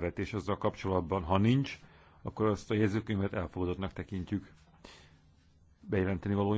vetés azzal kapcsolatban. Ha nincs, akkor azt a jegyzőkönyvet elfogadottnak tekintjük. Bejelenteni való